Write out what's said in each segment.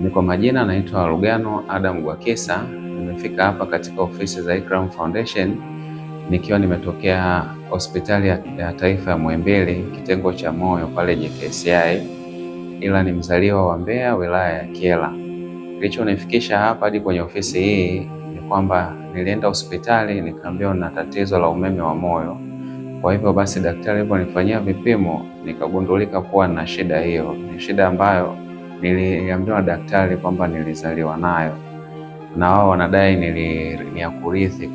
Ni kwa majina naitwa Lugano Adam Gwakesa. Nimefika hapa katika ofisi za Ikram Foundation nikiwa nimetokea hospitali ya taifa ya Muhimbili kitengo cha moyo pale JKCI, ila ni mzaliwa wa Mbeya wilaya ya Kyela. Kilichonifikisha hapa hadi kwenye ofisi hii ni kwamba nilienda hospitali nikaambiwa na tatizo la umeme wa moyo. Kwa hivyo basi, daktari aliponifanyia vipimo nikagundulika kuwa na shida hiyo. Ni shida ambayo niliambiwa daktari kwamba nilizaliwa nayo na wao wanadai ni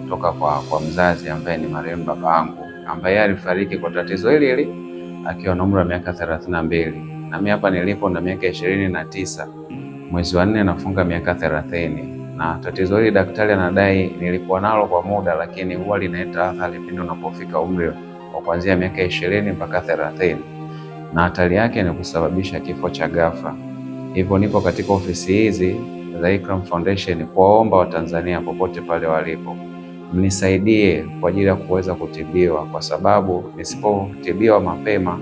kutoka kwa, kwa mzazi ambaye ni marehemu baba yangu ambaye alifariki kwa tatizo hili hili akiwa na umri wa miaka thelathini na mbili na mimi hapa nilipo na miaka ishirini na tisa mwezi wa nne nafunga miaka thelathini na tatizo hili daktari anadai nilikuwa nalo kwa muda, lakini huwa linaleta athari pindi unapofika umri wa kuanzia miaka ishirini mpaka thelathini na hatari yake ni kusababisha kifo cha ghafla. Hivyo nipo katika ofisi hizi za Ikram Foundation kuwaomba Watanzania popote pale walipo mnisaidie kwa ajili ya kuweza kutibiwa, kwa sababu nisipotibiwa mapema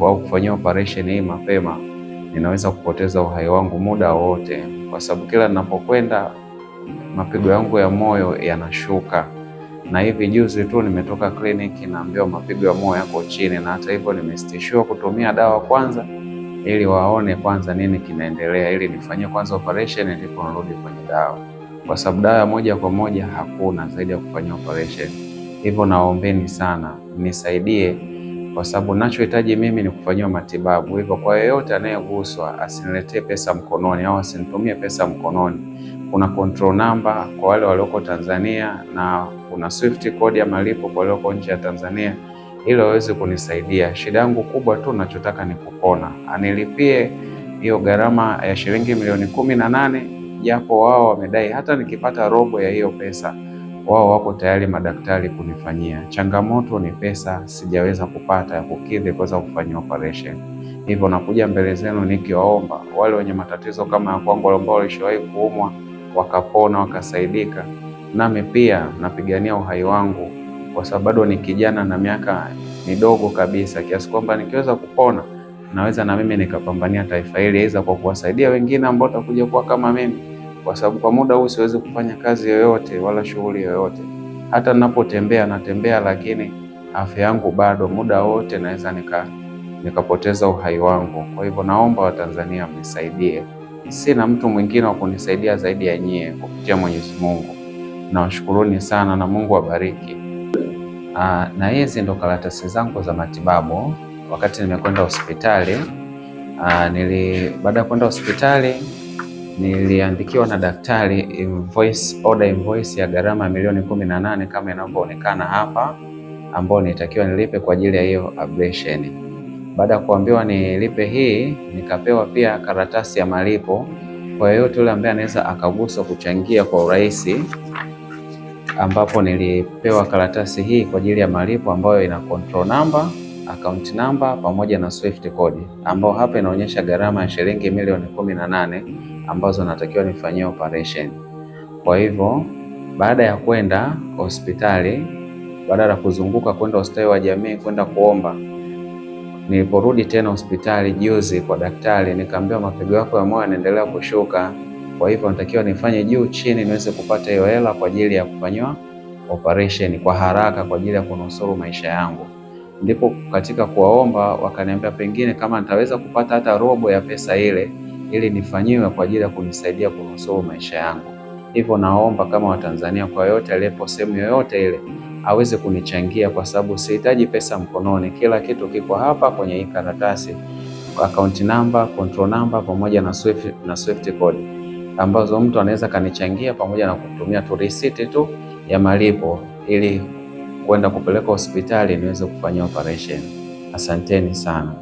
au kufanyia operation hii mapema, ninaweza kupoteza uhai wangu muda wote, kwa sababu kila ninapokwenda mapigo yangu ya moyo yanashuka, na hivi juzi tu nimetoka kliniki, naambiwa mapigo ya moyo yako chini, na hata hivyo nimesitishiwa kutumia dawa kwanza ili waone kwanza nini kinaendelea, ili nifanyie kwanza operation ndipo nirudi kwenye dawa, kwa sababu dawa moja kwa moja hakuna zaidi ya kufanyia operation. Hivyo naombeni sana nisaidie, kwa sababu nachohitaji mimi ni kufanyiwa matibabu. Hivyo kwa yeyote anayeguswa asiniletee pesa mkononi au asinitumie pesa mkononi. Kuna control number kwa wale walioko Tanzania na kuna swift code ya malipo kwa walioko nje ya Tanzania ili waweze kunisaidia. Shida yangu kubwa tu nachotaka ni kupona, anilipie hiyo gharama ya shilingi milioni kumi na nane, japo wao wamedai hata nikipata robo ya hiyo pesa wao wako tayari madaktari kunifanyia. Changamoto ni pesa, sijaweza kupata ya kukidhi kuweza kufanya operation. Hivyo nakuja mbele zenu nikiwaomba wale wenye matatizo kama ya kwangu, ambao walishowahi kuumwa wakapona wakasaidika, nami pia napigania uhai wangu kwa sababu bado ni kijana na miaka midogo kabisa, kiasi kwamba nikiweza kupona naweza na mimi nikapambania taifa hili, aidha kwa kuwasaidia wengine ambao watakuja kuwa kama mimi, kwa sababu kwa muda huu siwezi kufanya kazi yoyote wala shughuli yoyote. Hata ninapotembea natembea, lakini afya yangu bado, muda wote naweza nika nikapoteza uhai wangu. Kwa hivyo naomba Watanzania mnisaidie, sina mtu mwingine wa kunisaidia zaidi ya nyie, kupitia Mwenyezi Mungu. Nawashukuruni sana na Mungu wabariki Aa, ah, na hizi ndo karatasi zangu za matibabu wakati nimekwenda hospitali. Ah, nili baada ya kwenda hospitali niliandikiwa na daktari invoice, order invoice ya gharama ya milioni kumi na nane kama inavyoonekana hapa, ambayo nitakiwa nilipe kwa ajili ya hiyo ablation. Baada ya kuambiwa nilipe hii, nikapewa pia karatasi ya malipo kwa yeyote yule ambaye anaweza akaguswa kuchangia kwa urahisi ambapo nilipewa karatasi hii kwa ajili ya malipo ambayo ina control number, account number pamoja na swift code, ambao hapa inaonyesha gharama ya shilingi milioni kumi na nane ambazo natakiwa nifanyie operation. Kwa hivyo baada ya kwenda hospitali, baada ya kuzunguka kwenda hospitali wa jamii kwenda kuomba, niliporudi tena hospitali juzi kwa daktari, nikaambiwa mapigo yako ya moyo yanaendelea kushuka. Kwa hivyo natakiwa nifanye juu chini niweze kupata hiyo hela kwa ajili ya kufanyiwa operation kwa haraka kwa ajili ya kunusuru maisha yangu. Ndipo katika kuwaomba wakaniambia pengine kama nitaweza kupata hata robo ya pesa ile ili nifanyiwe kwa ajili ya kunisaidia kunusuru maisha yangu. Hivyo naomba kama Watanzania kwa yote aliyepo sehemu yoyote ile aweze kunichangia kwa sababu sihitaji pesa mkononi. Kila kitu kiko hapa kwenye hii karatasi, account number, control number pamoja na Swift, na Swift code ambazo mtu anaweza kanichangia pamoja na kutumia tu risiti tu ya malipo ili kwenda kupeleka hospitali niweze kufanya operation. Asanteni sana.